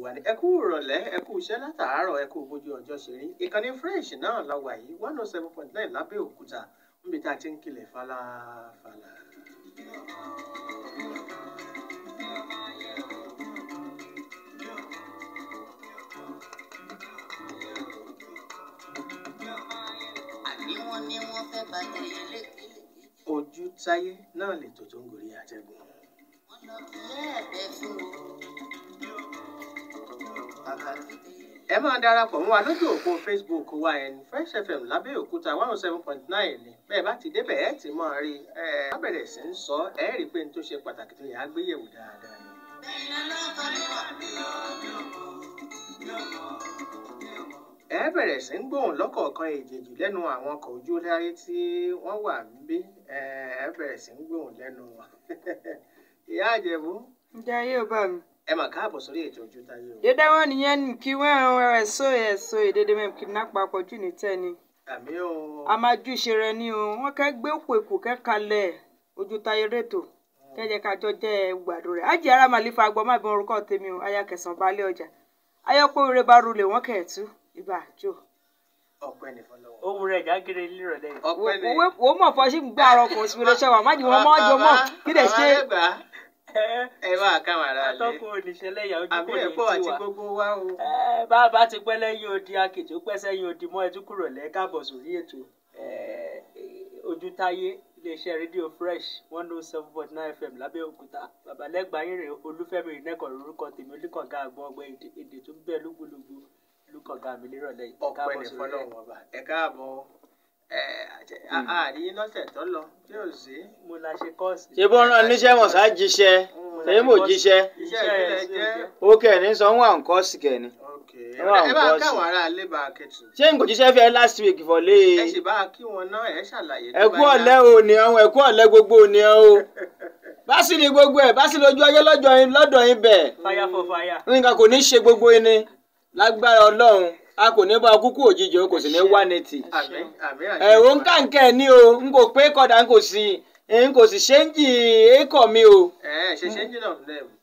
wà ní ẹkú ìrọ̀lẹ́ ẹkú iṣẹ́ látàárọ̀ ẹkú bójú ọjọ́ ṣe rí ìkànnì french náà la wà yìí one oh seven point nine lábẹ́òkúta níbi tá a ti ń kilẹ̀ falafala. wọn fẹ́ ojú táyé náà lè tó tó ń gorí àtẹ̀gùn. lọ kí ẹ máa darapọ̀ mọ́ wa lójú òpó Facebook wa ẹni Fresh FM lábẹ́òkúta one oh seven point nine ni bẹ́ẹ̀ bá ti débẹ̀ ẹ ti máa rí ẹ bá bẹ̀rẹ̀ sí ń sọ ẹ rí i pé n tó ṣe pàtàkì tó yẹ á gbéyẹ̀wò dáadáa ni. ẹ bẹ̀rẹ̀ sí ń gbóhùn lọ́kọ̀ọ̀kan èjèèjì lẹ́nu àwọn ọkọ̀ ojú láyé tí wọ́n wà níbí ẹ bẹ̀rẹ̀ sí ń gbóhùn lẹ́nu wọn. ìyá àjẹbù. ǹjẹ́ ayé ò bá mi. ẹ ka káàbọ̀ sórí ètò Ojútáyé o. yé dáwọ́ nìyẹn ní kí wọ́n ẹ̀rọ ẹ̀rẹ̀ edede ẹ̀ sọ èdèdè mẹ́rin kì í ni o wọn ara màlífa agbọ́n má o aya kẹsàn-án balẹ̀ ọjà ayọ́pọ̀ fọlọwọ. ohun rẹ jágere lérọ̀lẹ́ yìí. ọpẹ́ ní. wo mọ̀ fọ́ sí ẹ máa ká màrà lé atọ́kùn oníṣẹ́lẹ̀ ìyàwó tí kò ní tiwa àbí ẹ̀pọ̀ àti gbogbo wa o. bá a bá ti pẹ́ lẹ́yìn odi akèjì ó pẹ́ sẹ́yìn odi mọ́ ẹtú kúrò lẹ́ káàbọ̀ sórí ètò ojútáyé iléeṣẹ́ rédíò fresh one oh seven point nine fm lábẹ́òkúta babalẹ́gbàáyìn rẹ̀ olúfẹ́mi ìnẹ́kọ̀ lórúkọ tèmi olùkọ̀gá àgbọ̀n ọgbẹ́ èdè tó ń bẹ lúgbúlùgbù olùkọ̀gá mi lérọ̀lẹ́ ọ̀pẹ́ nìfọ́nà ọ̀bà ẹ̀ káàbọ̀ àárí lọ́sẹ̀ tó lọ tí ò sí mo la ṣe kọ́ọ̀sì. ṣé bó rán níṣẹ́ mọ̀ jíṣẹ́ ṣé mò jíṣẹ́ ó kẹ̀ sọ wọn à ń kọ́ọ̀sì kẹ̀ ẹ bá káwọn ará ilé bá kẹtù. ṣé n kò jíṣẹ́ fẹ́ last week fọ̀lé. ẹ sì bá kí wọn náà ẹ ṣàlàyé. ẹ ọ̀lẹ́ o ní ọ́n ẹ ọ̀lẹ́ gbogbo ní ọ́n o bá sì ní gbogbo ẹ bá sì lójú ayé lọ́dọ̀ yín bẹ̀. fire for fire. nǹkan kò ní ṣe gbogbo yín ni lágbára Ọlọ́run a kò ní bá kúkú òjijì o kò sì ní wá netí. ẹ̀rọ ń kà o n kò pé kọdà n kò sí n kò sì mi o.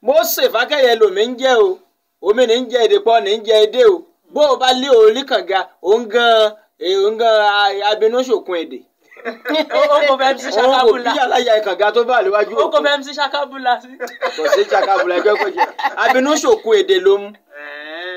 mo ṣe fákẹ́yẹ lomi ń o omi ní ń jẹ́ èdè pọ́ ní ń èdè o bó o bá lé òòlì kànga òun gan òun e, gan abinú ṣòkun èdè o kò fẹ́ sí ṣakabula o kò bí aláya tó bá o kò fẹ́ sí ṣakabula sí. kò sí ṣakabula ẹgbẹ́ kò jẹ abinú ṣòkun èdè ló mú.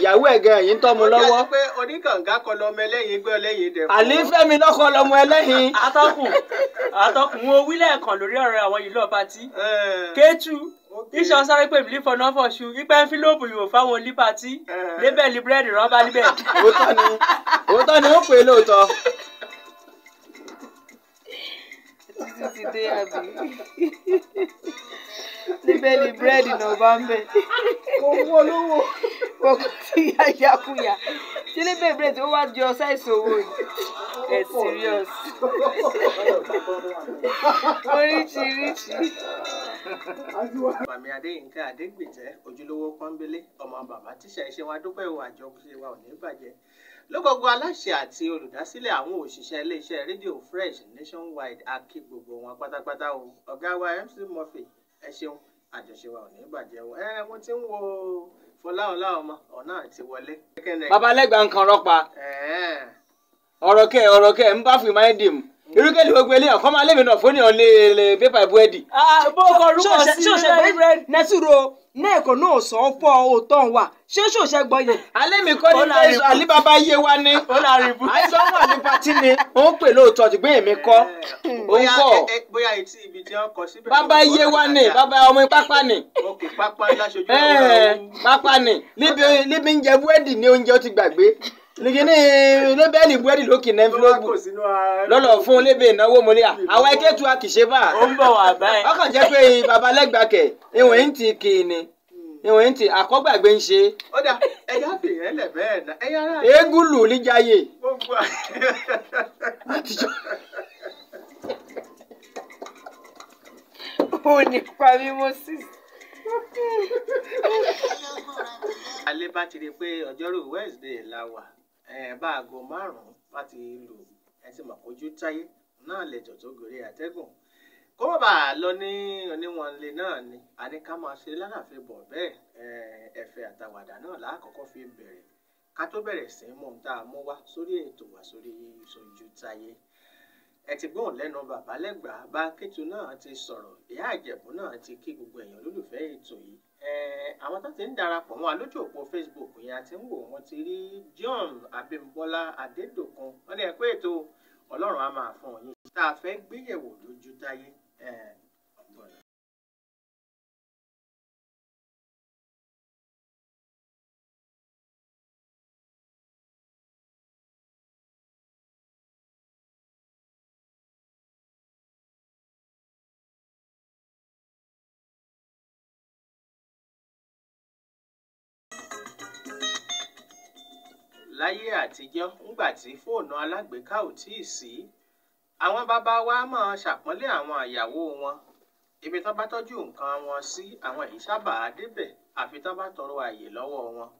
ìyàwó ẹ̀gẹ́ yìí ń tọ́mu lọ́wọ́. ó jẹ́ pé oníkànga kọ lọmọ ẹlẹ́yin gbé ọlẹ́yin dẹ̀ fún. àlífẹ́mi lọ́kọ lọmọ ẹlẹ́yin. atọ́kùn atọ́kùn wo wílẹ̀ kan lórí ọ̀rọ̀ àwọn yìí lọ́ọ́ pati. Eh. kéétù iṣan sáré pé mi lífọ náà fọṣù ipa ẹnfílóòpù yòó fáwọn onípatí eh. lébẹ̀lì búrẹ́dì rán níbẹ̀. òótọ́ ni òótọ́ ni ó pè é lóòótọ́ títí ti dé àbí níbẹ̀ ni búrẹ́dì náà bá ń bẹ̀. owó olówó. kókó tí yakuya. ìyàkuyà tí níbẹ̀ búrẹ́dì ó wá di ọ̀sá ìṣòwò ẹ̀ serious. oríṣiríṣi. Màmí Adéyínká Adégbìtẹ́ ojúlówó pọ́nbélé ọmọ bàbá tíṣà iṣẹ́ wa dúpẹ́ ìwà àjọṣe wa ò ní bàjẹ́ lógógó aláṣẹ àti olùdásílẹ̀ àwọn òṣìṣẹ́ iléeṣẹ́ Radio fresh nationwide a kí gbogbo wọn pátápátá o ọ̀gá wa mc murphy ẹ ṣeun àjọṣe wa ò ní bàjẹ́ o ẹ mo ti ń wo fọláọlá ọmọ ọ̀nà àti wọlé. babalẹ́gbàá nǹkan rọ́pa ọ̀rọ̀ kẹ́ ọ̀rọ̀ kẹ́ ń bá fi máa dì mú irúkẹ́lì gbogbo eléyà kọ́ máa lémi náà fóní ọ̀lẹ́ ẹ̀lẹ́ pépà búrẹ́dì. Ah, ah, bó o kọ orúkọ sí ilé búrẹ́dì. nẹ́sùrò náà sọ fọ́ òótọ́ wa ṣé ṣòṣẹ́ gbọ́ yẹn. alẹ́ mi kọ́ ní fẹ́ẹ́ alibaba yé wa ní. àìsàn wà ní patí ni ó ń pè lóòótọ́ ṣùgbọ́n èmi kọ́ ó ń kọ́. bóyá etí ibi tí wọ́n kọ síbẹ̀. bàbá yé wa ní bàbá ọmọ pápá ni. ok pápá ńlá ṣojú. Eh, pápá ni níbi ń jẹ búrẹ́dì ní oúnjẹ ó ti gbàgbé nìkíní lébẹ́lì búrẹ́dì lókè náà fi lóògùn lọ́lọ́ fún lébè ìnáwó mọ́lẹ́ àwọn ẹgbẹ́ tu àkìṣe bá ọkàn jẹ́ pé babalẹ́gbà kẹ̀ ìwọ̀n ń ti kì í ni ìwọ̀n ń ti àkọ́gbàgbé ń ṣe. ọ̀dà ẹ̀yà fìyẹn lẹ̀ bẹ́ẹ̀ náà ẹ̀yà rà. eégúlù níjàyè. gbogbo àtijọ́. òun nípa mímọ́ sísè alẹ́ bá ti rí pé ọjọ́rú Wednesday la wà bá aago márùn-ún bá ti lù ẹ ti mọ̀ kójú táyé náà lẹ̀jọ̀ tó gòrè àtẹ́gùn kó má bàa lọ ní oníwọ̀nlé náà ni a ní ká máa ṣe lálàfẹ́ bọ̀ bẹ́ẹ̀ ẹ̀fẹ̀ àtàwàdà náà lákọ̀ọ́kọ́ fi bẹ̀rẹ̀ ká tó bẹ̀rẹ̀ sí mọ̀ tá a mú wá sórí ètò wá sórí ìṣojú táyé ẹ ti gbóhùn lẹ́nu bàbá lẹ́gbàá bá kẹ́tù náà ti sọ̀rọ̀ ìyá àjẹ̀bù náà ti kí gbogbo èèyàn lólùfẹ́ ètò yìí àwọn tó ti ń darapọ̀ wọn lójú òpó Facebook yẹn àti ń wò wọ́n ti rí John Abímbọ́lá Adédòkun wọ́n ní ẹ pé ètò Ọlọ́run á máa fún yín tá a fẹ́ gbéyẹ̀wò lójú táyé láyé àtijọ́ ńgbà tí fóònù alágbèéká ò tíì sí àwọn bàbá wa máa ṣàpọ́nlé àwọn ìyàwó wọn ibi tán bá tọ́jú nǹkan wọn sí àwọn èyí sábà débẹ̀ àfi tán bá tọrọ àyè lọ́wọ́ wọn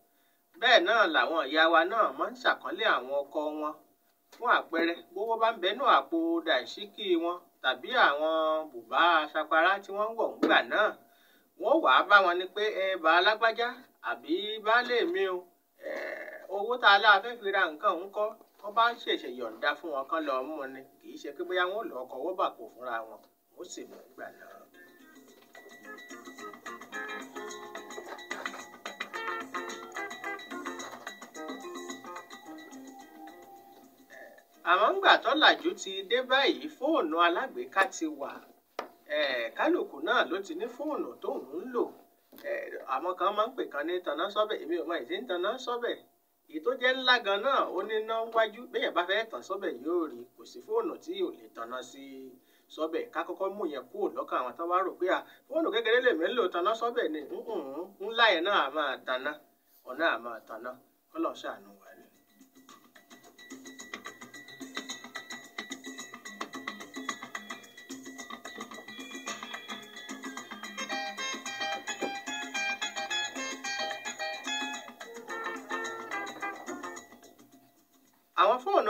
bẹ́ẹ̀ náà làwọn ìyá wa náà máa ń ṣàpọ́nlé àwọn ọkọ wọn fún àpẹẹrẹ bówó bá ń bẹnu àpò dàìsíkì wọn tàbí àwọn bùbá aṣapara tí wọ́n ń wọ̀ ńgbà náà wọ́n wàá bá wọn ní pé ẹ bá alágbájá àbí baálé mi o owó tá a lá fẹ́ fi ra nǹkan ń kọ́ wọ́n bá ń ṣẹ̀ṣẹ̀ yọ̀ǹda fún wọn kán lọ́ọ́ mú ni kì í ṣe pé bóyá wọn ò lọ́ọ́ kọ́wọ́ bàpò fúnra wọn ó sì mọ̀ nígbà náà. àmọ́ ńgbà tọ́làjú ti dé báyìí fóònù alágbèéká ti wà kálukú náà ló ti ní fóònù tóun ń lò àwọn kan máa ń pè kan ní tanná sọ́bẹ̀ èmi ò mọ ìdí ń tanná sọ́bẹ̀ èyí jẹ jẹ́ ńlá gan náà ó ní ná wájú bẹ́ẹ̀ bá fẹ́ tàn sọ́bẹ̀ yóò rí kò sí fóònù tí ò lè tanná sí sọ́bẹ̀ ká kọ́kọ́ mú yẹn kúrò lọ́kàn àwọn tó wá rò pé à fóònù kékeré lèmi ń lò tanná ni náà tanná ọ̀nà àmà tanná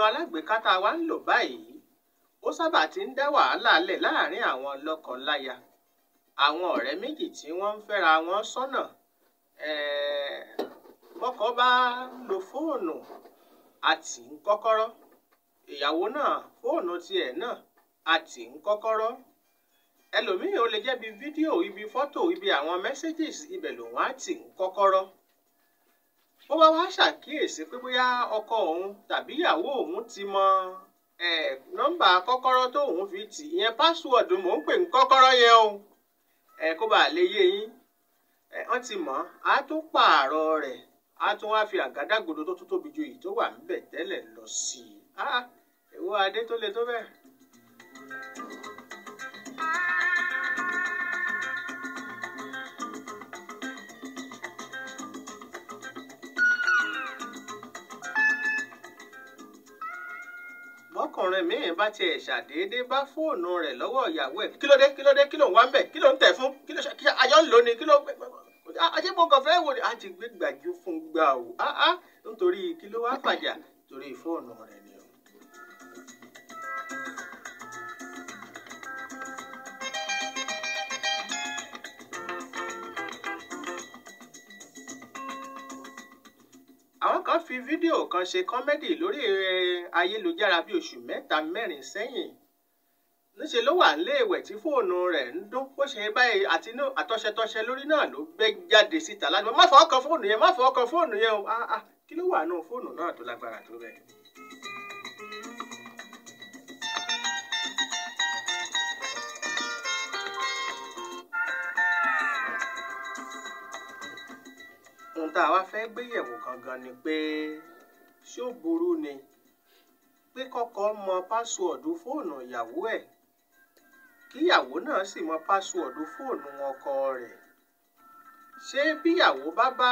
alágbèéká tá a wá ń lò báyìí ó sábà ti ń dá wàhálà lẹ̀ láàrin àwọn lọ́kọ-láya àwọn ọ̀rẹ́ méjì tí wọ́n ń fẹ́ra wọn sọ́nà bọ́kọ eh, bá lo fóònù àti kọ́kọ́rọ́ ìyàwó náà fóònù tiẹ̀ náà àti kọ́kọ́rọ́ ẹlòmíì ó lè jẹ́ bí fídíò ibi fọ́tò ibi àwọn mẹ́sẹ́gìs ibẹ̀ lòun á tì kọ́kọ́rọ́ ó wá wá ṣàkíyèsí pé bóyá ọkọ òun tàbí ìyàwó òun ti mọ nọ́mbà kọ́kọ́rọ́ tóun fi tì ìyẹn pásíwọ̀dù mò ń pè ní kọ́kọ́rọ́ yẹn o kó bàa lè yé yín wọ́n ti mọ̀ á tún pààrọ̀ rẹ̀ á tún wá fi àgádágodo tó tún tóbi ju èyí tó wà níbẹ̀ tẹ́lẹ̀ lọ sí i. ẹ̀wọ́ ah, adé tó le tó bẹ́ẹ̀. tọkùnrin míín bá tiẹ̀ ṣàdédé bá fóònù rẹ̀ lọ́wọ́ ìyàwó ẹ̀ kí ló dé kí ló dé kí ló ń wá ń bẹ̀ kí ló ń tẹ̀ fún kí ló ṣe ayọ́ ń lò ní kí ló ajẹ́bọ̀gàn fẹ́ wò ni a ti gbé gbàjú fún gbà o nítorí kí ló wá fàjà torí fóònù rẹ̀ ni. fi fídíò kan ṣe kọ́mẹ́dì lórí e, ayélujára bíi oṣù mẹ́ta mẹ́rin sẹ́yìn níṣẹ́ ló wà léèwẹ̀ tí fóònù rẹ̀ ń dún bó ṣe báyìí e, àti inú àtọ́ṣẹtọ́ṣẹ lórí náà ló gbé jáde síta láti má fọwọ́ kan fóònù yẹn má fọwọ́ kan fóònù yẹn o ah, ah, kí ló wà nù fóònù náà tó lágbára tó bẹ́ẹ̀. ohun tá a wá fẹ́ gbé yẹ̀wò gangan ni pé ṣé ó burú ni pé kọ́kọ́ mọ pásíwọ̀dù fóònù ìyàwó ẹ̀ kíyàwó náà sì mọ pásíwọ̀dù fóònù ọkọ rẹ̀ ṣé bíyàwó bá bá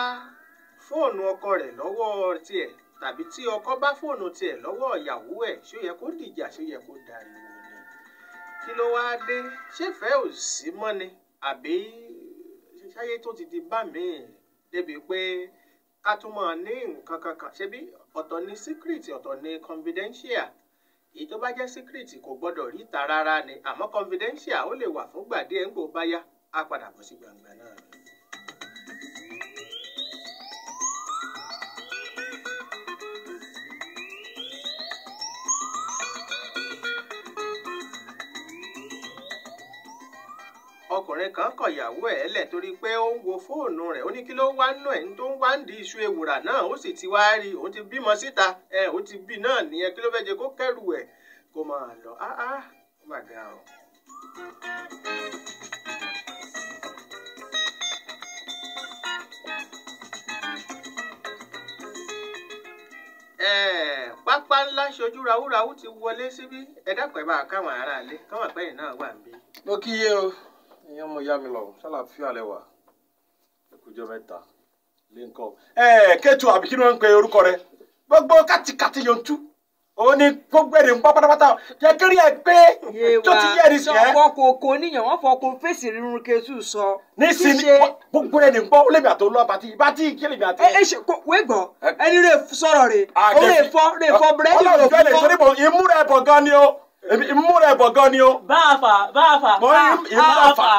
fóònù ọkọ rẹ̀ lọ́wọ́ tiẹ̀ tàbí tí ọkọ bá fóònù tiẹ̀ lọ́wọ́ ìyàwó ẹ̀ ṣó yẹ kó dìjà ṣó yẹ kó dariwo ni kí ló wáá dé ṣé fẹ́ ò sí mọ́ ni àbí ṣáyé tó ti di bá mi-ín débi pé ká tún máa ní nǹkan kankan ṣebí ọ̀tọ̀ ní secret ọ̀tọ̀ ní confidential èyí tó bá jẹ́ secret kò gbọ́dọ̀ rí ìta rárá ni àmọ́ confidential ó lè wà fúngbà díẹ̀ ńgbò bá yá á padà bọ̀ sí gbangba náà ọkùnrin kan kọ̀yàwó ẹ̀ lẹ̀ torí pé ó ń wo fóònù rẹ̀ ó ní kí ló wá nù tó ń wá ń di iṣu ewùrà náà ó sì ti wá rí òun ti bímọ síta ẹ̀ ó ti bí náà nìyẹn kí kó kẹ́rù ẹ̀yin ọmọ ìyá mi lọ ṣàlàáfíà lẹ́wà ẹkùjọ mẹ́ta lé nǹkan. ẹ kẹtù àbí kí ni wọn ń pe orúkọ rẹ gbogbo kàtìkàtì yòǹtú òun ni gbogbo èrè ń pátápátá jẹ́ kéré ẹ pé tó ti yẹ ẹni sẹ́. ọkọ kò kò níyàn wọn fọkọ fèsì rírun kẹtù sọ. nísìnyí gbogbo ẹni gbọ́ ó lèmi àti olú àbàtì ìbátí kílèmi àti. ẹ ẹ ṣe kò gbọ́ ẹni rè sọ̀rọ̀ rè ó rè fọ́ rè fọ́ búrẹ́dì rè fọ́. ọlọ́run fẹ́lẹ̀ sọ́dọ̀ ìmúra ẹ̀bọ̀ gan ni o múra ẹ̀bọ̀ gan ni o. báàfà báàfà mo ń báàfà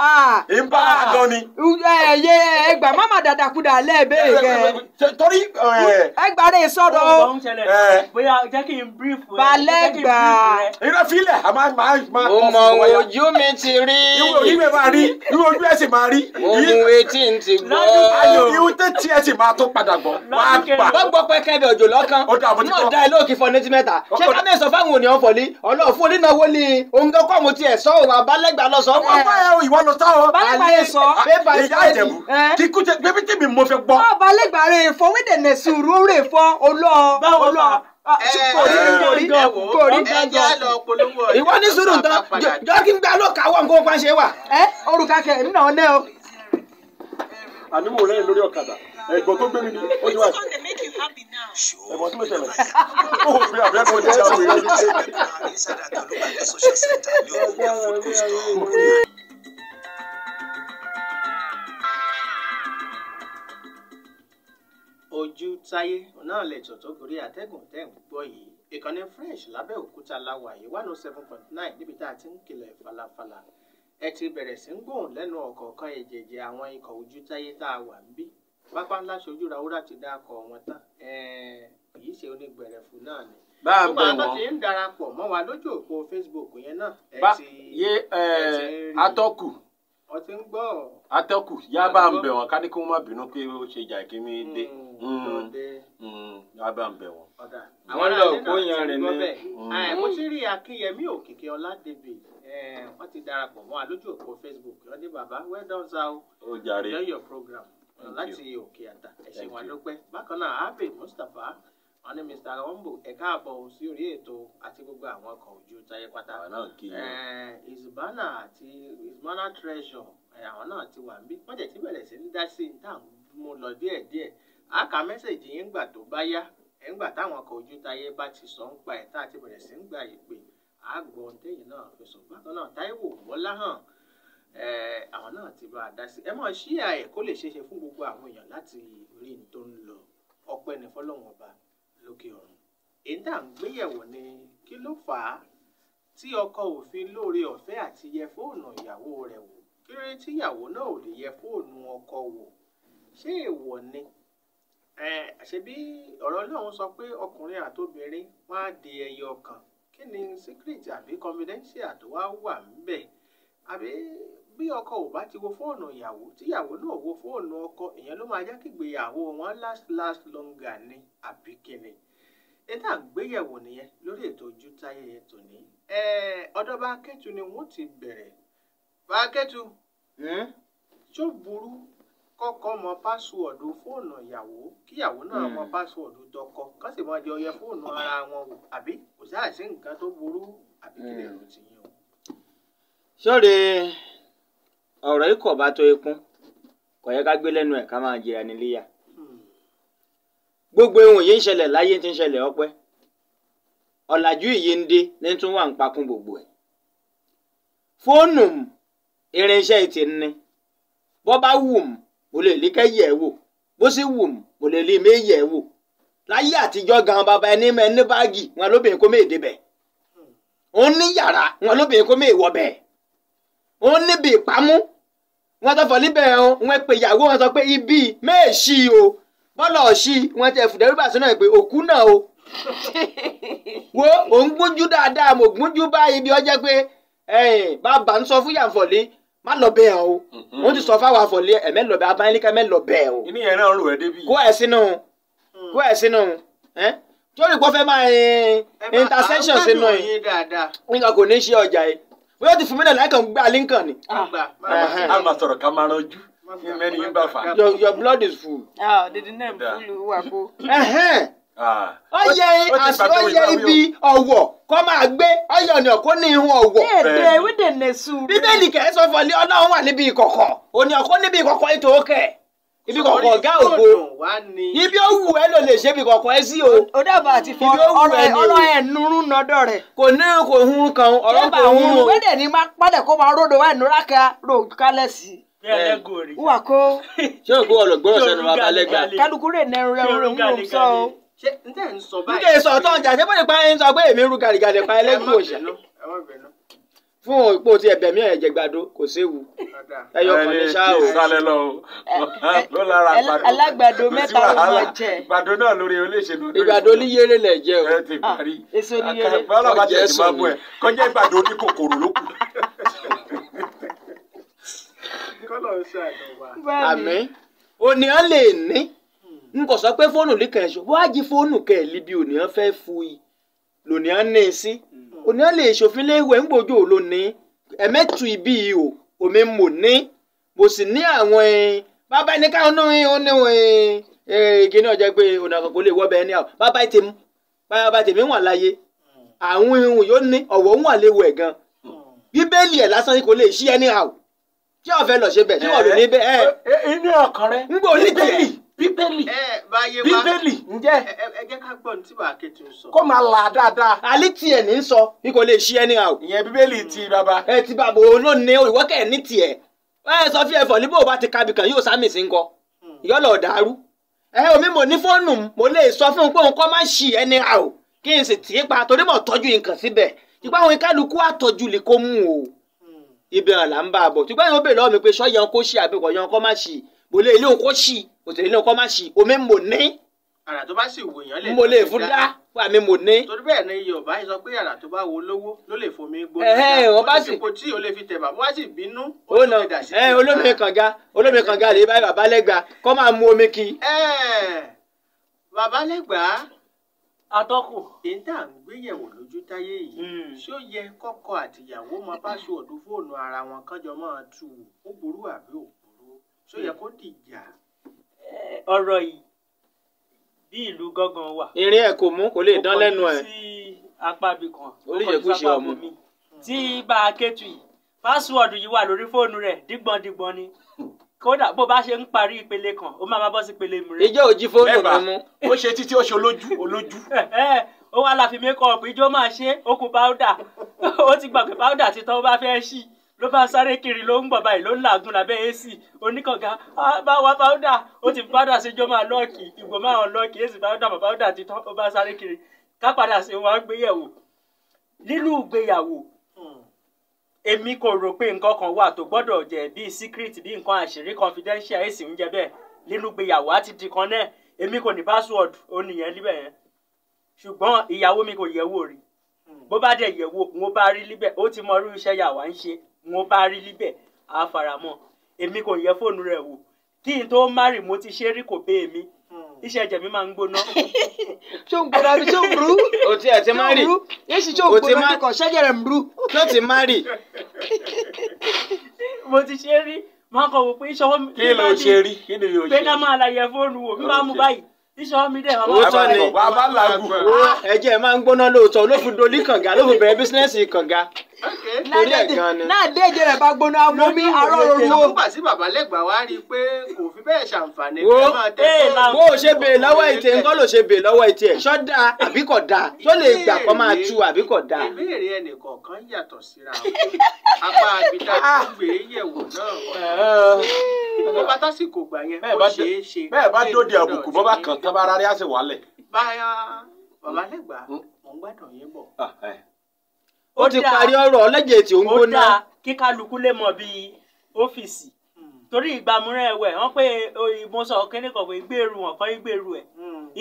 ń báàfà gan ni. ẹyẹ ẹgbà mama dàdàkúdà lẹ́ẹ̀bẹ̀rẹ̀ kẹ. torí. ẹgbà rẹ sọ̀rọ̀. bóyá jẹ́ kí n brief rẹ. balẹ̀ gbà. irọ́ filẹ̀ a máa máa máa. o mọ ojú mi ti rí. ìwé ojú mi máa rí ìwé ojú ẹ̀ sì máa rí. ohun etí ń ti gbọ́. ayò ìwé tẹ́tí ẹ̀ sì máa tó padà gbọ́. wàá gbà. gbọ́gbọ́ pẹ́kẹ́ bẹ̀ òjò lọ́kàn. ó dà bó ti kọ́. náà dá ẹ lóòkì fọ torí náà wọlé òun tó kọ́ mo tiẹ̀ sọ òun àbálẹ́gbà lọ sọ. ọgbà ẹ o ìwọ ló sọ o. alẹ́ sọ pépà ìyá ìjẹ̀bù kíkú tẹ bébí tí mi mo fẹ́ gbọ́. àbálẹ́gbà rẹ̀ fọ wídẹ̀nẹ̀ sùúrù rẹ̀ fọ olóò olóò ìwọ ní sùúrù tán jọ́kí ń gbá ló káwọ́ nǹkan pa ṣe wà. ẹ òrùka kẹ nínú ọ̀nẹ́ o. àní mo rẹ́ lórí ọ̀kadà ẹ̀gbọ́n tó gbé mi ni ó ti wá ẹ̀mọ́ kí ló ṣẹlẹ̀ ó fi àbẹ́ kò jẹ́ ìwé rẹ̀. ojú táyé náà lè tòótọ́ gorí àtẹ́gùn tẹ́ ń gbọ́ yìí ìkànnì fresh lábẹ́òkúta láwà yìí one oh seven point nine níbi tá a ti ń kìlọ̀ falafala ẹ ti bẹ̀rẹ̀ sí ń gbóhùn lẹ́nu ọ̀kọ̀ọ̀kan èjèèjì àwọn ikọ̀ ojú táyé tá a wà ń bí pápá ńlá ṣojú ràwúrà ti dákọ̀ wọn tán kì í ṣe onígbẹ̀rẹ̀fù náà ni bá a bẹ̀ wọ́n. ti ń darapọ̀ mọ́ wa lójú òpó Facebook yẹn náà. bá yé atọ́kù. wọ́n ti ń gbọ́. atọ́kù yá bá ń bẹ̀ wọ́n ká ní kí wọ́n má bínú pé ó ṣe jà kí mi dé. Hmm, hmm, hmm, yá bá ń bẹ̀ wọ́n. àwọn lọ òpó yan rẹ̀ ní. mo ti rí akínyẹmí òkìkí ọládébè wọ́n ti darapọ̀ mọ́ wa lójú òpó Facebook wọ́n ní bàbá well done sir ó jàre enjoy your program. láti òkè àtà ẹ̀sìn wà lópẹ́ bákan náà abe mustapha wọn ní mr ombo ẹ̀ka àbọ̀ sí orí ètò àti gbogbo àwọn ọkọ̀ ojú táyé pátá eh, treasure eh, àwọn náà ti wà níbí wọ́n jẹ̀ ti bẹ̀rẹ̀ sí ní ní tá à ń mú lọ a kà yín gbà tó bá yá eh, táwọn ọkọ̀ ojú táyé bá ti sọ ń ẹ̀ tá bẹ̀rẹ̀ sí ń náà bákan àwọn náà ti bá a dá sí ẹ máa ṣí àyè kó lè ṣeéṣe fún gbogbo àwọn èèyàn láti rí n tó ń lọ ọpẹ́ ní fọ́lọ́run ọba lókè ọ̀run èyí tá à ń gbéyẹ̀wò ni kí ló fà á tí ọkọ ò fi lóore ọ̀fẹ́ àti yẹ fóònù ìyàwó rẹ̀ wò kí ló tí ìyàwó náà ò lè yẹ fóònù ọkọ wò ṣé èèwọ̀ ni ṣebí ọ̀rọ̀ Ọlọ́run sọ pé ọkùnrin àtobìnrin wọ́n di ẹyẹ ọkàn kí ni secret àbí confidential tó wá wà ń bẹ̀ àbí bí ọkọ ò bá ti wo fóònù ìyàwó tíyàwó náà wo fóònù ọkọ ìyẹn ló máa jẹ́ kí ìgbéyàwó wọn last last longer ni àbí kíni níta gbéyẹ̀wò nìyẹn lórí ètò Ojútáyé tòní ọ̀dọ̀ bá kẹ́tù ni wọ́n ti bẹ̀rẹ̀ bá kẹ́tù tó hm? burú kọ́kọ́ mọ pásíwọ̀dù fóònù ìyàwó kíyàwó náà mọ hmm. pásíwọ̀dù tọkọ kán sì máa jọ yẹ fóònù ara wọn wò àbí kò sáà sí nǹkan tó burú àbí kílẹ̀ hmm. rò tìyẹn o. sọ́ọ̀rẹ́ ọ̀rọ̀ ikọ̀ bá tó ikún kò yẹ ká gbé lẹ́nu ẹ̀ ká máa jìyà níléyà gbogbo ohun yìí ń ṣẹlẹ̀ láyé ti ń ṣẹlẹ̀ ọpẹ́ ọ̀làjú yìí ń dé ní tún wà ń pakún gbogbo ẹ̀ fóònù irinṣẹ́ ìtì ni bọ́ bá wù m mo lè lè kẹ́yẹ̀ ẹ̀ wò bó sì wù m mo lè lè méyẹ̀ ẹ̀ wò láyé àtijọ́ gan bàbá ẹni mẹ́ ní báàgì wọn lóbìnrin kó mèé débẹ̀ òun ní yàrá wọn lóbìnrin kó mèé wọ bẹ́ẹ̀ wọ́n níbi ìpamú wọ́n tó fọ̀ níbẹ̀ o wọ́n pe ìyàwó wọn sọ pé ibi méèṣì o bọ́lọ̀ ọ̀ṣì wọ́n ti ẹ̀fùdẹ́rú bá sọ́nà pé òkú náà o wo òun gbójú dáadáa mo gbójú bá ibi ọjọ́ pé bàbá ń sọ fún Yàǹfọ̀lé má lọ bẹ́ẹ̀ o mhm. wọ́n ti sọ fáwọn àfọ̀lé ẹ̀mẹ́ lọ bẹ́ẹ̀ abáyánlíkà ẹ̀mẹ́ lọ bẹ́ẹ̀ o. ìní yẹn náà rò débi. kó ẹ̀ sínú hmm. kó ẹ̀ sínú torí kó fẹ́ máa eh, intercession sínú yìí nǹkan kò ní í ṣe ọjà yìí bóyá ti fún mi náà láìkàn gbá lincoln ni. Ah. a máa sọ̀rọ̀ ká máa ránjú mẹ́rin yín bá fà. your blood is full. Ah, dídí náà fúlù wà kó. Ah. ó yẹ ó yẹ ibi ọ̀wọ̀ kọ́ máa gbé ọyọ̀ ni ọ̀kọ́ ní ihun ọ̀wọ̀. bẹ́ẹ̀ ewé dènè sùn. bíbélì kẹ́ sọ fọlẹ́ ọlọ́run wà níbi ìkọ̀kọ̀ òní ọ̀kọ́ níbi ìkọ̀kọ̀ ètò òkè ibi kọ̀ọ̀kan ọ̀gá ògo ibi ó wù ẹ́ ló lè ṣe ibi kọ̀ọ̀kan ẹ sí o. ó dábàá àti fọ ọ̀rọ̀ ẹ̀ nurun nọ́dọ̀ rẹ̀. kò ní kò hun kan ọ̀rọ̀ kò hun o. wẹ́dẹ̀ ni máa pàdé kó máa ródò wá ìnura ká ro kálẹ̀ sí i. wà kó. ṣé òkú ọ̀rọ̀ gbọ́dọ̀ sẹ́nu wa balẹ̀ gbà. kálukú rè nẹrun rẹ òun òun sọ o. ṣé n tẹ́ ń sọ báyìí. n tẹ́ ń sọ ọ̀tọ̀ ọjà ṣé bó fún òpó tí ẹbẹ mi ẹjẹ gbàdo kò séwu ẹyọ kan ní ṣáà o. ìsàlẹ̀ lọ o ló lára gbàdo. alágbàdo mẹ́ta ló máa jẹ. gbàdo náà lórí olóṣèlú. ìgbàdo oníyèrè lẹ̀ jẹ́ o. ẹ ti ah, parí èso oníyèrè. bọ́lá bá tẹ̀sí máa mú ẹ kọjá ìgbàdo oníkòkòrò ló kù. kọ́lọ̀ ń ṣe àdánwà. àmín ònìyàn lè ní n kò sọ pé fóònù líkàn ẹ̀ṣọ́ wọ́n á jí fóònù kẹ̀ẹ́lì bí ònìyàn fẹ́ fu yìí lònìyàn ní í sí. Si òní á lè ṣòfin léwé ńgbòjò lónìí ẹ̀mẹ́tù ibi ihò omi mò ní mo sì ní àwọn bàbá ní káwọn ní ní kíní ọjà pé ọ̀nà àkọ́kọ́ lè wọ́bẹ̀ ní àwọn bàbá tèmi bàbá tèmi wà láyé àwọn ihun yóò ní ọ̀wọ́ ń wà léwu ẹ̀ gan bíbélì ẹ̀ lásán ni kò lè ṣí ẹni àwò tí ọ̀fẹ́ lọ ṣe bẹ̀ tí wọ́n lò ní bẹ́ẹ̀. Eh, eh, inú ọkàn rẹ. ń gbọ́ ní tèmi bíbélì bíbélì ǹjẹ́ ẹ jẹ́ ká gbọ́ ní tí bàá kẹ́tù ń sọ. kó máa là dáadáa alẹ́ tiẹ̀ ní sọ n kò lè ṣí ẹni àwò. ìyẹn bíbélì ti bàbá. ẹ ti bàbá òun ló ní ìwọ́kẹ̀ ní tiẹ̀ ẹ sọ fí ẹ fọ̀ níbo bá ti kábi kan yóò sámì sí ń kọ hmm. dàrú. ẹ omi mo ní fóònù mo lè sọ fún un pé òun kọ́ máa ṣí ẹni àwò kí n sì tì í pa torí mọ̀ tọ́jú nǹkan síbẹ̀ ìgbà àwọn ìkálukú àtọ́jú lè kó mú o hmm. ibẹ̀ là ń bá a bọ̀ ṣùgbọ́n ìyẹn ó bèèrè lọ́wọ́ mi pé sọ́yàn kó ṣí àbíkọ̀ yẹn kó má ṣí bòlẹ́ ilé òun ṣí òṣèré náà kọ́ má ṣì omi mò ní. àrà tó bá sì wò yàn lè. mo lè fún dá fún àmì mò ní. torí bẹ́ẹ̀ ni yorùbá sọ pé àrà tó bá wo lówó ló lè fomi gbó. wọ́n bá sì. o ti o lè fi tẹ̀bà wọ́n sì bínú. ó nà ẹ olómi kànga olómi kànga rèé báyìí bàbá lẹ́gbàá kọ́ máa mu omi kí. bàbá lẹ́gbàá atọ́kùn. èyí tá à ń gbéyẹ̀wò lójú táyé yìí hmm. ṣé ó yẹ kọ́kọ àtìyàwó máa bá ṣòdù fóònù ara wọn kánjọ máa tù ó burú àbí ò burú ṣé ó yẹ kó dìjà ọ̀rọ̀ yìí bí ìlú gángan wà. irin ẹ kò mú kó lè dán lẹ́nu ẹ. ó kọjú sí apá ibì kan ó kọjú sí apá ibòmí tí bá a kẹ́tù yìí pásíwọ̀dù yìí wà lórí fóònù rẹ̀ dígbọ̀ndígbọ̀n ni kódà bó bá ṣe ń parí ìpele kan ó máa ma bọ́ sí ìpele mìíràn. ìjọ òjì fóònù mi mú. ó ṣe títí ó ṣe olójú olójú. ó wá la fi mẹ́kọ̀ọ̀pù ìjọ máa ṣe ó kun páódà ó ti gbàgbé páódà títọ́ ó bá fẹ́ ṣí ló bá sáré kiri ló ń gbọ̀n báyìí ló ń làágùn lábẹ́ èsì oníkànga ah, bá wa fáwọ́dà ó ti fáwọ́dà ṣèjọ́ máa lọ́ọ̀kì ìgbò máa hàn lọ́ọ̀kì èsì fáwọ́dà bàbá fáwọ́dà ti tán ó bá sáré kiri ká padà sí wọn gbéyẹ̀wò nínú ìgbéyàwó hmm. èmi kò rò pé nǹkan kan wà tó gbọ́dọ̀ jẹ́ bíi secret bíi nǹkan àṣírí confidential èsì ń jẹ bẹ́ẹ̀ nínú ìgbéyàwó á ti di kan náà èmi kò ní password ó nìyẹn níbẹ̀ yẹn ṣùgbọ́n ìyàwó mi kò yẹ̀wò rí hmm. bó bá dẹ̀ yẹ̀wò mo bá rí níbẹ̀ ó ti mọ irú iṣẹ́ yàwá ń ṣe mo bá rí líbẹ̀ á faramọ́ èmi kò yẹ fóònù rẹ̀ wò kí n tó márì mo ti ṣe rí kò bẹ́ èmi hmm. iṣẹ́ ẹ̀jẹ̀ mi máa ń gbóná. ṣó ń gbóná bí ṣó ń burú. o ti ẹ̀ ti má rì. yéṣu ṣó ń gbóná bí kò ṣẹ́jẹ̀ rẹ̀ ń burú. ṣó ti má rì. mo ti ṣe rí máa kọ̀ wò pé ìṣọwọ́ mi. kí ló ṣe rí kí ni yóò ṣe. pé ká máa láyẹ fóònù wò mi máa mú báyìí iṣọ́ mi dẹ̀ máa bá wà ní. bàbá làgùn. ẹ̀jẹ̀ máa ń gbóná lóòótọ́ ló fi dolí kànga ló fi bẹ̀rẹ̀ bísínẹ́sì kànga náà déje rẹ̀ bá gbóná amómi arọ́rọ́rọ́. ó bá sí bàbá lẹ́gbàá wá rí i pé kò fi bẹ́ẹ̀ ṣàǹfààní. wo bó o ṣe bèè lọ́wọ́ ètè ńkọ́ ló ṣe bèè lọ́wọ́ ètè ẹ̀ ṣọ́dà àbí kò dáa tó lè gbà kó máa tu àbí kò dáa. ìbéèrè ẹnìkọ̀ọ̀kan yàtọ̀ síra apá abidá tó gbé yẹ̀wò náà bó bá tásìkò gbà yẹn ó ṣeé ṣe. bẹ́ẹ̀ bá dóde àbùkù bó bá kàn tábàárá rí àṣewálẹ̀. báyà bàbá lẹ́gbàá mò ń gbádùn yín bọ̀. Ah, ó ti parí ọ̀rọ̀ ọlẹ́jẹ̀ tí ó ń gbóná. ó dáa kí kálukú lè mọ bí ọ́fíìsì torí ìgbà mìíràn ẹ̀wẹ̀ wọ́n pé mo sọ kíní kan pé gbèrú wọn kan gbèrú ẹ̀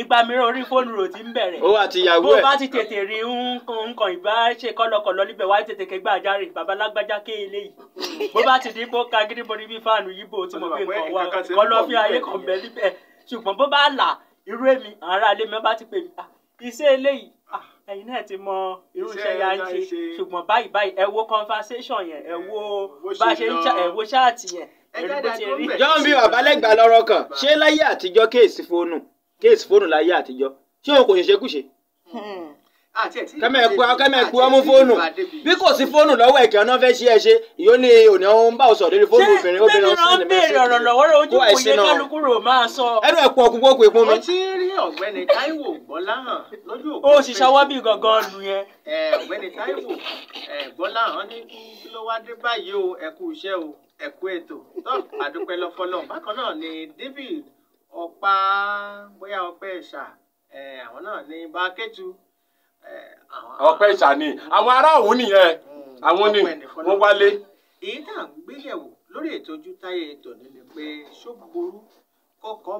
ìgbà mìíràn orí fóònù rò ti ń bẹ̀rẹ̀. ó àti ìyàwó ẹ̀ bó bá ti tètè rí nǹkan ìbá ṣe kọ́lọ́kọ́lọ́ níbẹ̀ wá tètè ké gbàjáre babalágbájá ké eléyìí bó bá ti dín kó ka gidi borí bí fáànù yíbo tí mo fi kàn wá kọ́lọ́fíà ayé kan bẹ̀ níbẹ̀ ṣùgbọ́n bó bá là irú èmi àárá ilé mi bá ti pè mí ah, iṣẹ́ eléyìí ah, ẹ̀yin náà ti mọ irú iṣẹ́ ya ń ṣe ṣùgbọ́n báyìí báyìí ẹ wo conversation yẹn ẹ wo bá ṣe ń ẹ wo ṣáàtì yẹn john bí ọ̀bálẹ́gbà lọ́rọ̀ kan ṣé láyé àtijọ́ kéèsì fóònù kéèsì fóònù láyé àtijọ́ ṣé òun kò ṣe ṣekúṣe. Hmm kẹ́mẹ̀ ẹ̀kú ọmú fóònù bí kò sí fóònù lọ́wọ́ ẹ̀kẹ́ ọ̀nà fẹ́ ṣe ẹ ṣe ìyó ni òní ọ̀hún bá òsọ̀ lórí fóònù obìnrin obìnrin ọ̀sán ní bẹ́ẹ̀ ọ̀rọ̀ lọ́wọ́ rẹ̀ ojú kò ẹnu ẹ̀kú ọkùn kó pè mi. mo ti rí ọ̀gbẹ́ni Táíwò Gbọ́láhàn lójú òkú. ó sì ṣọwọ́ bí gangan nu yẹn. ọ̀gbẹ́ni Táíwò Gbọ́láhàn ní kí ló wá dé báyìí o ẹ̀kú iṣẹ́ o ẹ̀kú ètò tó àdúpẹ́ lọ́fọ́lọ́ ọpẹ́ ìṣàní àwọn aráàlú nìyẹn àwọn ni wọ́n wálé. èyí tá à ń gbéyẹ̀wò lórí ètò ojú táyé ètò nílé pé ṣó burú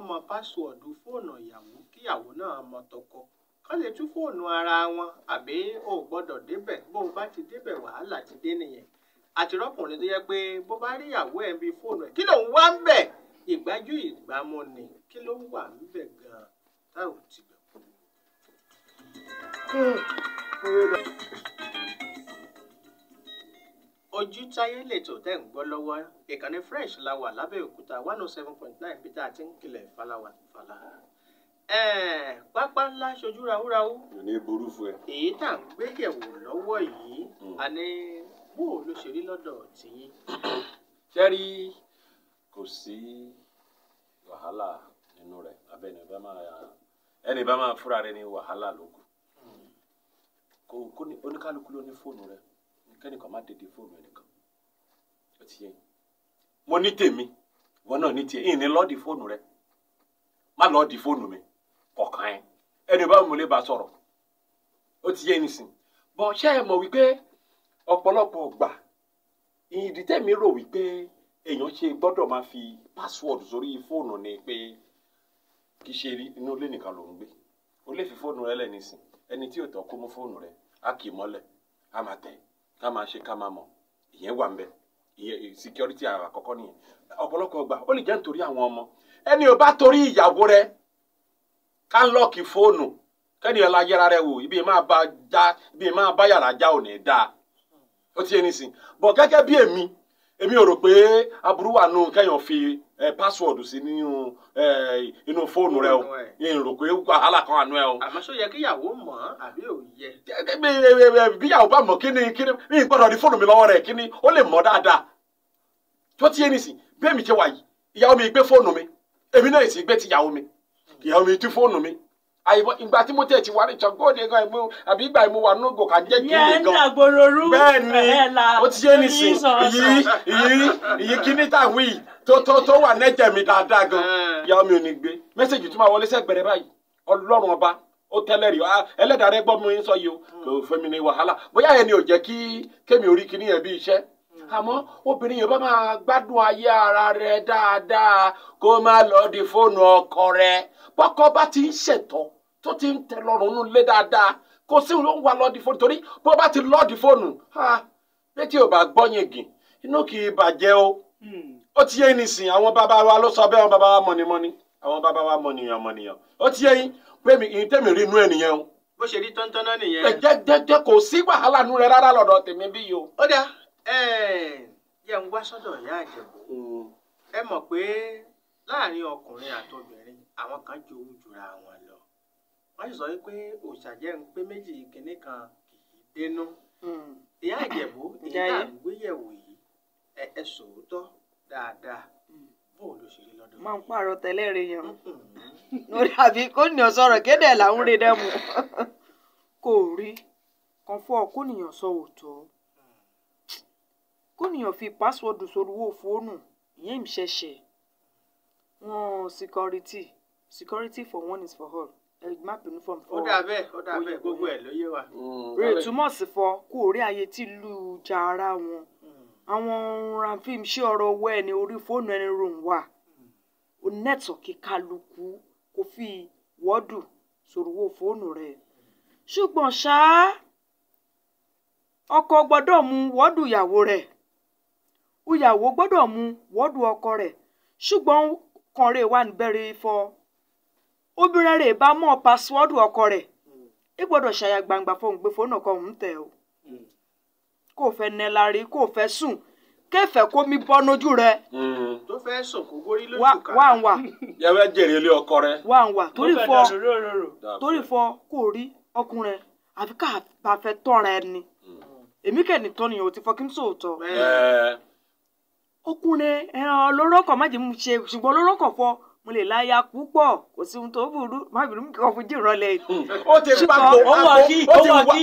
mọ pásíwọ̀dù fóònù ìyàwó kíyàwó náà mọ tọkọ kán lè tún fóònù ara wọn àbí o gbọ́dọ̀ débẹ̀ bó o bá ti débẹ̀ wàhálà ti dé nìyẹn àtìrọ́kùnrin tó yẹ pé bó bá rí ìyàwó ẹ̀ ń fóònù ẹ̀ kí ló ń wá ń bẹ̀ ìgbájú ìgbámọ́ ni kí ló ń wà ń bẹ̀ gan-an táwọn ti gbà ojútáyé lètò tẹ́ ń gbọ́ lọ́wọ́ ìkànnì fresh la wà lábẹ́òkúta one oh seven point nine peter àti nkìlẹ̀ falawa fala. pápá ńlá ṣojú ráúráú. ìní burú fún ẹ. èyí tá à ń gbé yẹ̀wò lọ́wọ́ yìí hmm. a ní bó o ló ṣe rí lọ́dọ̀ tìyín. sẹ́rí kò sí wàhálà nínú rẹ̀ abẹ́ni bá máa fúra rẹ̀ ní wàhálà ló kọ́ kò oníkálukú ló ní fóònù rẹ kẹ́nìkan má dédé fóònù ẹnìkan ó ti yẹ mo ní tèmi ìwọ náà ní tiẹ̀ ìní lọ́ọ̀dì fóònù rẹ má lọ́ọ̀dì fóònù mi kọ̀ọ̀kan ẹ ẹni bá mo lè bá sọ̀rọ̀ ó ti yẹ nísìn bọ̀ ṣé ẹ mọ̀ wípé ọ̀pọ̀lọpọ̀ gbà ìdí tẹ̀mí rò wípé èèyàn ṣe gbọ́dọ̀ máa fi password sórí fóònù ni pé kì í ṣe inú ilé nìkan ló ń gbé o lè fi fóònù rẹ lẹ̀ nísìn ẹni tí o tọ kó mú fóònù rẹ a kì í mọ́lẹ̀ á máa tẹ̀ ká máa ṣe ká máa ìyẹn wà ń bẹ ìyẹn security kọkọ nìyẹn ọ̀pọ̀lọpọ̀ ọgbà ó lè jẹ́ nítorí àwọn ọmọ ẹni o bá torí ìyàwó rẹ ká ibi máa bá já ibi máa bá yàrá já ò ní ti bí èmi èmi ò rò pé aburú wà nù fi ẹ password si nínú ẹ inú fóònù rẹ o ìrò pé wàhálà kan àánú ẹ o. àmọ́ sọ yẹ kíyàwó mọ̀ àbí ò yẹ. kíyàwó bá mọ̀ ni ni mi gbọ́dọ̀ di fóònù mi lọ́wọ́ rẹ̀ o le ó lè mọ̀ dáadáa tó ti yé ti ìyàwó mi gbé fóònù mi èmi náà ti ìyàwó mi ìyàwó mi tú fóònù mi àyìnbó ìgbà tí mo tẹ̀ ti wà ní ìtàn góòdì gan ìmú àbí ìgbà ìmú wà nínú gòkà jẹ́ kí ni gan. yẹn àgbòrò rú bẹ́ẹ̀ ni ó ti yé ni sìn yìí yìí yìí kí ní tàwí tó tó tó wà nẹ́jẹ̀ mi dáadáa gan ìyá mi ò ní gbé mẹ́sẹ̀gì tó máa wọlé sẹ́gbẹ̀rẹ̀ báyìí ọlọ́run ọba ó tẹ́lẹ̀ rí ah, ẹlẹ́dàá rẹ gbọ́ mi sọ yìí o kò fẹ́ mi ní wàhálà bóyá ẹni ò jẹ́ kí kémi orí kinní yẹn bí iṣẹ́ hmm. àmọ́ obìnrin yóò bá máa gbádùn ayé ara rẹ̀ dáadáa kó má lọ́ọ́ di fóònù ọkọ rẹ̀ bọ́kọ bá ti ń ṣètọ́ tó ti ń tẹ lọ́rùn nù lé dáadáa kò sí ló ń wa lọ́ọ̀dì fóònù torí bó bá ti lọ́ọ̀dì fóònù létí ò bá gbọ́ yẹ̀gìn inú kì í bàjẹ́ o hmm. ó ti yé nìsín àwọn bàbá wa ló sọ bẹ́ẹ̀ àwọn bàbá wa mọ̀nìmọ̀nì àwọn bàbá wa mọ̀nìyàn mọ̀nìyàn ó ti yé yín pé ìyìn tẹ̀mí rí inú ẹ̀ nìyẹn o. bó ṣe rí tọ́ntọ́n náà nìyẹn. ẹ jẹ́ jẹ́ jẹ́ kò sí wàhálà nù rẹ rárá lọ́dọ̀ tèmi bí yìí o. ó dà ẹ yẹ ń wá sọ́dọ̀ ìyá àjẹbù hmm. ẹ mọ̀ pé láàrin ọkùnrin àtọbìnrin àwọn kan jowú jura wọ́n sì sọ wípé òòṣà jẹ́ ń pé méjì kìnní kan kì í dénú. ìyá hmm. ìjẹ̀bú ìyá àgbéyẹ̀wò yìí ẹ sòótọ́ dáadáa hmm. bóun ló ṣe rí lọ́dọ̀. máa ń pààrọ̀ tẹ́lẹ̀ rẹ yẹn lórí àbí kó nìyàn sọ̀rọ̀ kéde làwọn rẹ dẹ́mu kò rí kan fọ́ kó nìyàn sọ òótọ́ kó nìyàn fi pásíwọ́ọ̀dù sórúwó fóònù ìyẹn ìṣẹ̀ṣẹ̀ wọn security security for one is for all ẹ má bínú fún mi fún ọ. ó dà bẹ́ẹ̀ ó dà bẹ́ẹ̀ gbogbo ẹ̀ ló yé wa. Mm, rè túmọ̀ sí fọ kó rí ayé tí lu ja ara wọn mm. àwọn ramfim ṣé ọ̀rọ̀ ọwọ́ ẹni orí fóònù ẹni rò ń wà ó nẹ́tọ̀kì kálukú kò fi wọ́ọ̀dù sòrówó fóònù rẹ̀ ṣùgbọ́n ṣá ọkọ gbọ́dọ̀ mu wọ́ọ̀dù ìyàwó rẹ̀ ìyàwó gbọ́dọ̀ mu wọ́ọ̀dù ọkọ rẹ̀ ṣùgbọ́n kànrẹ́ wà níbẹ̀rẹ̀ fọ́ obìnrin rẹ̀ bá mọ̀ ọkọ rẹ̀ ẹ gbọ́dọ̀ ṣàyà gbangba fóun gbé fóun náà òun tẹ̀ o kò fẹ́ nẹ kò fẹ́ sùn kẹfẹ kó mi rẹ. tó fẹ́ wà ọkọ rẹ. wà torí fọ torí fọ kò rí ọkùnrin ẹni èmi kẹ́ni tọ́ nìyẹn ti fọ kí n ọkùnrin fọ mo lè láya púpọ̀ kò sí ohun tó burú má bínú mi kọ́ fún jìrọ̀lẹ̀ yìí. ó ti pa kò àpò ó ti wà kí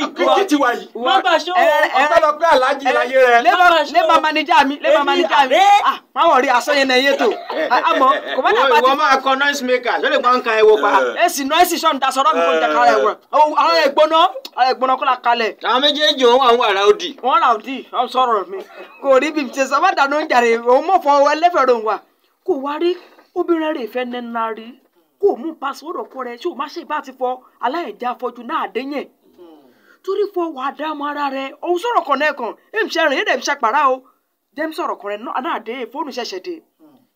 ti wà yìí. má bà ṣó ọ̀pọ̀lọ pé aláàjì láyé rẹ. lébà manager mi lébà manager mi ah, má wọ̀ rí aṣọ yẹn náà yé tó. àmọ́ ah, kò má dàgbà tí. ìwọ máa kọ noise maker ló lè gbọ́n ka ewo pa. èsì ah, noise sọ̀rọ̀ da sọ̀rọ̀ mi kò jẹ́ kára ẹ̀wọ̀n. àwọn ẹ̀gbọ́nà àwọn ẹ̀gbọ́nà kó la kalẹ̀. àwọn méjèèjì wọn wà ń wà ráòdì. wọn ráòdì wọn sọ̀rọ̀ mi kò rí bí mi ṣe sọ obìnrin rẹ̀ fẹ́ nẹ́nari kó o mú pàṣípòrò kó rẹ ṣé o má ṣe bá ti fọ aláìjá afọjú náà dé yẹn torí fọ wàá dá ọmọ ara rẹ òun sọ̀rọ̀ kan náà kan èmi ṣe rìn èdè mi ṣe pàrà o jẹ́mi sọ̀rọ̀ kan rẹ náà dé fóònù ṣẹ̀ṣẹ̀ dé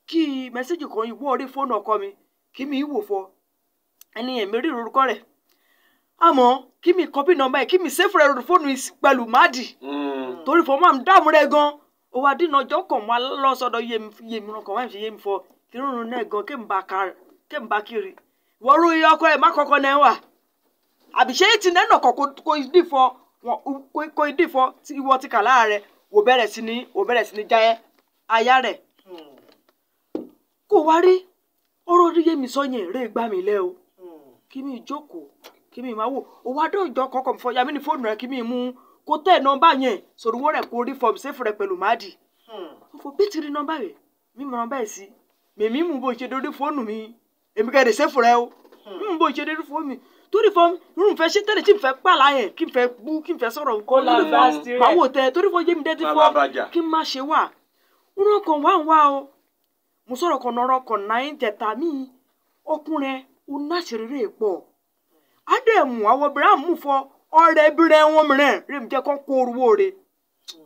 kí mẹ́sẹ́jì kan yìí wọ́ orí fóònù ọkọ mi kí mi wò fọ ẹni ẹ̀mí rí orúkọ rẹ̀ àmọ́ kí mi kọ́pì nọ́mbà ẹ̀ kí mi sẹ́fù rẹ̀ fóònù pẹ̀lú máàdì hmm. torí fọ máa ń dààmú rẹ gan-an ó wá dínà ọjọ́ kàn wá lọ́sọ̀dọ̀ yémi ràn kàn wá ìfi yémi fọ tirun náà gan kémbà kiri wọ́n rú iye ọkọ ẹ̀ má kọ́kọ́ náà wà àbíṣe ètì náà nàkọ́ kó ìdìfọ́ kó ìdìfọ́ tí ìwọ ti kà láàrẹ̀ wò bẹ̀rẹ̀ sí ní wò bẹ̀rẹ̀ sí ní já ẹ́ aya rẹ̀ kò wá rí ọ̀rọ̀ mi sọ yẹn rè gbá mi lẹ́ o kí mi jókòó kí mi máa wò ó wá dé ìjọ kọkọ fọ yàmi ní fóònù rẹ kí mi mú kó tẹ nọ́mbà yẹn sòrò wọn rẹ kó rí fọọmù sẹfù rẹ pẹ̀lú máàdì ó hmm. fọ bí ti rí nọ́mbà rẹ mímọ nọ́mbà yẹn mèmí mú bó ṣe dorí fóònù mi èmi kẹ́ ẹ̀ sẹ́fù rẹ o mú bó ṣe dorí fóònù mi torí fọ irun fẹ́ ṣe tẹ́lẹ̀ tí n fẹ́ pààlà yẹn kí n fẹ́ bú kí n fẹ́ sọ̀rọ̀ nǹkan lórí fọ màá wò tẹ torí fọ jẹmi dẹtí fọ kí n má ṣe wà irun kan wà ń wà o mo sọ̀rọ̀ kan nọrọ kan náà ń jẹta mí ọkùnrin ò náṣẹrẹ rẹ pọ ádẹ́mù àwọn obìnrin àmú fọ ọ̀rẹ́ bìrẹ wọn mìíràn rèmi jẹ kán kó orúwó rẹ.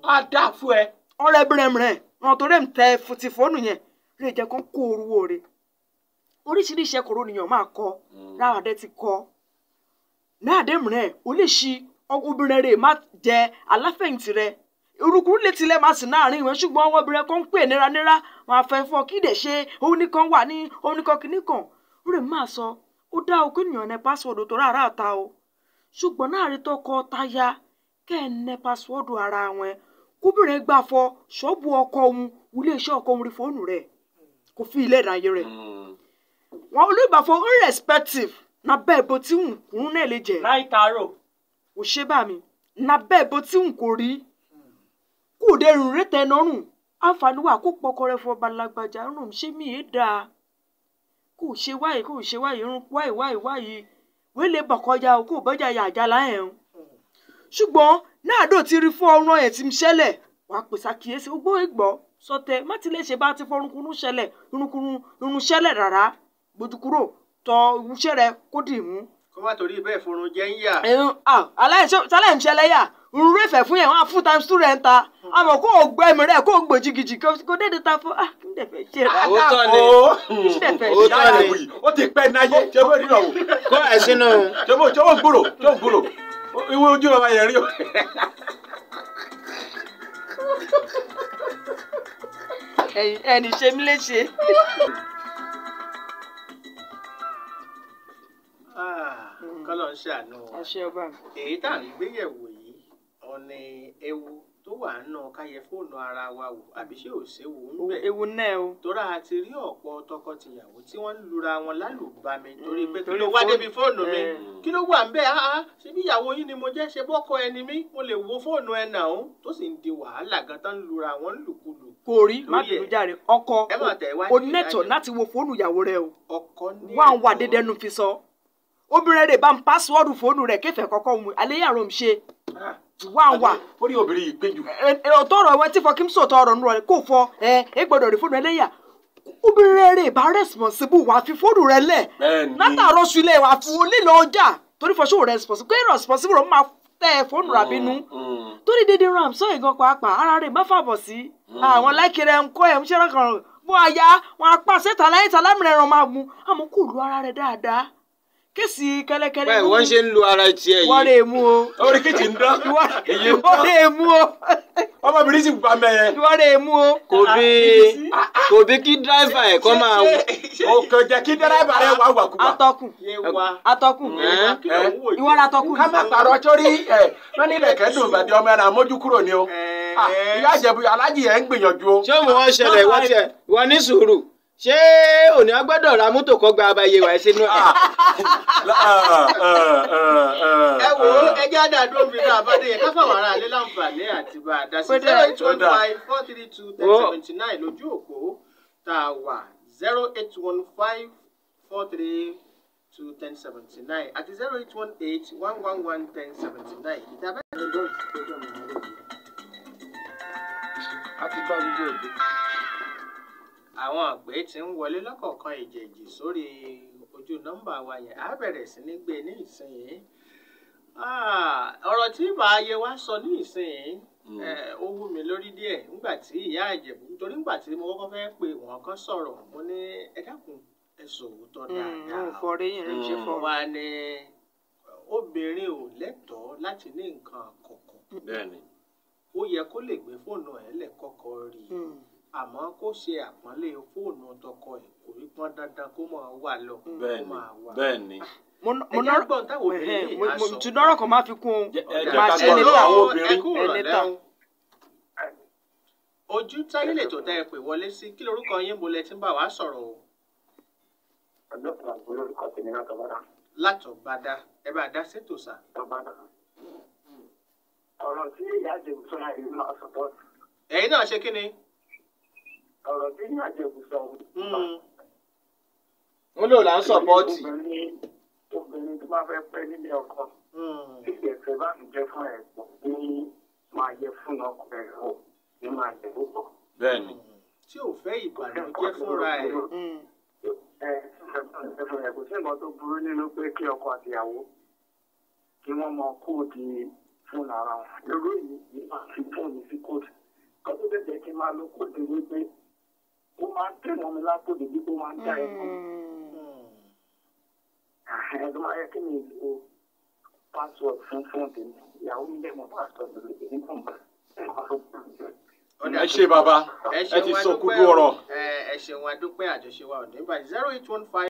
a dà fún ẹ. ọ̀rẹ́ bìrẹ mìíràn ọ̀nà tó rẹ̀ ń tẹ fòtìfọ́nù yẹn lè jẹ́ kán kó orúwo rẹ̀ oríṣiríṣi ẹ̀kọ́ ronìyàn máa kọ ráàdẹ́ mm. ti kọ náàdẹ́ mìíràn ò lè ṣi obìnrin rẹ̀ má jẹ aláfẹ̀yìntì rẹ̀ orúkúrú lè tilẹ̀ máa sìn láàrin ìwé ṣùgbọ́n àwọn obìnrin kan ń pè nira wọn àfẹ́ kí ìdẹ̀ ṣe òun nìkan wà ní òun nìkan kìíní kan rẹ̀ máa sọ ó dá o kí ènìyàn nẹ pásíwọ̀dù tó rárá ta o ṣùgbọ́n láàrin tọkọ taya kẹ́ ẹ̀ nẹ pásíwọ̀dù ara wọn kóbìnrin gbàfọ ṣọ́ọ̀bù ọkọ òun ilé iṣẹ́ ọkọ òun rí fóònù rẹ̀ kò fi ilé ìdáyé rẹ̀ hmm. wọn olùgbàfọ̀ irrespective na bẹ́ẹ̀ bó tí nkùn náà lè jẹ́ láì tààrọ̀ ò ṣe bá mi na bẹ́ẹ̀ bó tí nkùn rí kù dé rùn rí tẹnọrùn àǹfààní wà kó pọkọrẹ fún ọba lágbájá rùn ṣé mi è dáa kò ṣe wáyé kò ṣe wáyé rún wáyé wáyé wáyé wẹ́lẹ̀ bọ̀kọjá o kò bọ́jà yà àjà láyẹ̀ o ṣùgbọ́n náà dò ti rí fún ọrùn ẹ̀ tí ń ṣẹlẹ̀ wàá pèsè àkíyèsí gbogbo ìgbọ́ sọtẹ má ti lè ṣe bá ti fọ irunkunu ṣẹlẹ̀ irunkunu irun ṣẹlẹ̀ rárá gbójú kúrò tọ ìwúṣẹ́ rẹ kó dì mú. kó má torí bẹ́ẹ̀ forun jẹ́ ń yà. ẹ̀hún sálẹ̀ ń ṣẹlẹ̀ yà irun rẹ̀ fẹ̀ fún yẹn wọ́n á full time two rẹ̀ ń ta àmọ́ kó o gbọ́ ẹ̀mí rẹ̀ kó o gbò jìgìjì kó dédé ta fún ah kí n dẹ̀ fẹ́ ṣe rẹ̀. Ah, òótọ́ ni òótọ́ ni ó ti pẹ́ náyé jẹ́bó nínú ọ̀hún. kó ẹ̀ sínú. jẹ́bó jẹ́bó gbòòrò jẹ́bó gbòòrò ìwé ojú ọba yẹn rí o ẹni ṣe mí léṣe. Ah, kọ́lọ́ ń ṣàánú wa èyí tá à ń gbéyẹ̀wò yìí ọ ni ewu tó wà nù káyẹ fóònù ara wa wò àbí ṣé ò séwu ń bẹ. ewu náà o. tóra a rí ọ̀pọ̀ tọkọ-tìyàwó tí wọ́n ń lura wọn lálùbami mm, torí pé kí ló wá débi fóònù mi eh. kí ló wà ń bẹ áá síbi ìyàwó yín ni mo jẹ́ ṣe bọ́kọ ẹni mi mo lè wo fóònù ẹ nà ó tó sì ń di wàhálà gan tán ń lura wọn lùkulù. kò rí má dùnú járe ọkọ o nẹ́tọ̀ láti wo fóònù ìyàwó rẹ o wà ń wà dédénu fi sọ obìnrin rẹ̀ bá ń pásíwọ́ọ̀dù fóònù rẹ̀ kéfẹ̀ẹ́ kọ́kọ́ mu àléyàrá òun ṣe. Ah, wá ń wà. ó ní obìnrin yìí gbẹ́jù. ọ̀tọ̀ ọ̀rọ̀ wọn tí fọ kí n sọ̀tọ̀ ọ̀rọ̀ nù rẹ̀ kò fọ ẹ ẹ gbọ́dọ̀ rí fóònù ẹlẹ́yà obìnrin rẹ̀ ìbá responsible wà á fi fóònù rẹ̀ lẹ̀ látàárọ̀ sulẹ̀ wà á fi onílọ ọjà torí fọ sóò responsible pé responsible rẹ̀ máa tẹ fóònù rà bínú mm, mm. torí dédé ram sọ ìgan pàápàá ara rẹ̀ má fàbọ̀ sí mm. àwọn láìkiri ẹ̀ ń kọ́ ẹ̀ ń ṣẹ́ràn kan bó a yá wọn apá sẹ́ta láyé ta lámìrẹ̀ràn máa mú àmọ́ kò lu ara rẹ̀ dáadáa kéèsì kẹ́lẹ́kẹ́lẹ́ mú wọ́n ṣe ń lu ara tiẹ̀ yìí wọ́n lè mú o. orí kìtì ń dán èyí ń bọ́ wọ́n lè mú o. ọmọbìnrin sì gbà mẹ́yẹ. wọ́n lè mú o. kò ah, bí ah, ah, kò bí kí dírẹ́fà ẹ̀ kọ́ máa. o kò jẹ́ kí dírẹ́fà rẹ̀ wá wà kúgbà. atọ́kùn atọ́kùn ìwọ́n la atọ́kùn. ká má parọ́ torí ẹ̀ wọ́n nílẹ̀ kẹ́dùn ìbàdí ọmọ ni o. ìyá àjẹbù alájì ẹ̀ ń gbìyànjú o. ṣé òun wọ́n ṣẹlẹ̀ wọ́n tiẹ̀ wọ́n ní ṣé òní agbọ́dọ̀ ra mọ́tò kan gba abayé wa sínú ẹ̀. ẹ wo ẹjẹ́ àdàdo obìnrin àbádé yẹn káfáwọn ará alẹ́ láǹfààní àti bá a sí zero eight one five four three two ten seventy nine lójú òpó tá a wà zero eight one five four three two ten seventy nine àti zero eight one eight one one one ten seventy nine ìdábẹ́. a ti bá gbogbo ẹ̀ dé àwọn àgbẹ̀ ti ń wọlé lọ́kọ̀ọ̀kan ìjẹ̀jì sórí ojú nọ́mbà wa yẹn á bẹ̀rẹ̀ sí ní gbé e ní ìsinyìí ah, ọ̀rọ̀ tí màá yẹ wá sọ ní ìsinyìí hmm. eh, ó wú mi lórí díẹ̀ nígbà tí ìyá ìjẹ̀bù nítorí nígbà tí mo kọ́kọ́ fẹ́ pé wọ́n kan sọ̀rọ̀ mo ní ẹ dákun ẹ sòótọ́ hmm, dáadáa mo fọre yín rí ṣe hmm, fọ wa ni obìnrin ò lẹ́tọ̀ọ́ láti ní nǹkan àkọ́kọ́ ó yẹ kó lè gbé fóònù ẹ̀ lẹ́kọ̀ọ́kọ́ rí i àmọ́ kó ṣe àpọ́nlé fóònù tọkọ ẹ̀ kò rí pọ́n dandan kó máa wà lọ kó máa wà. bẹ́ẹ̀ni mo ti dọ́rọ̀ kan máa fi kún un máa ṣe ní àwọn obìnrin ẹni tán. ojú táyé lè tó tẹ ẹ pè wọlé sí kí lorúkọ yín mo lẹ ti ń bá wa sọ̀rọ̀ o. ọjọ́ kan lórúkọ tèmi látọ̀ bá dá. látọ̀ bá dá ẹ bá dá sétò ọ̀rọ̀ tí ìyá àjẹ̀wò sọ́ra ìlú náà ẹ̀yin náà ṣe kí ni ọ̀rọ̀ tí ní àjẹkù sọ. wọ́n hmm. lò là ń sọ̀pọ́ọ̀tì. obìnrin tó máa fẹ́ pẹ́ nílé ọkọ hmm. tí ìgbẹ̀fẹ́ bá ń jẹ́ fún ẹ̀pọ̀ ní máa yẹ fún ọkọ hmm. ẹ̀ ní máa yẹ púpọ̀. bẹ́ẹ̀ni. tí ò fẹ́ ìbànújẹ́ fúnra ẹ̀. ẹ ẹ fún ẹ sí nǹkan tó burú nínú pé kí ọkọ àtìyàwó kí wọ́n mọ kóòdù fún ara wọn. irú èyí ni màá fi fóònù sí kóòdù. kọ́tù tẹ̀jẹ̀ kí n máa lo kóòdù wípé ó máa ń tẹ̀lé ọmọ lápò dèbí ó máa ń dá ẹ̀ mọ́. Hmm. ẹ̀rọ máa yẹ kí ni ìlú password fún fún tèmi ìyàwó mi lẹ́mọ̀ password mi èmi kàn bá ẹ ṣe bàbá ẹ ti sọ kúkú ọ̀rọ̀. ẹ ṣeun adúpẹ́ àjọṣe wa ò ní zero eight one five.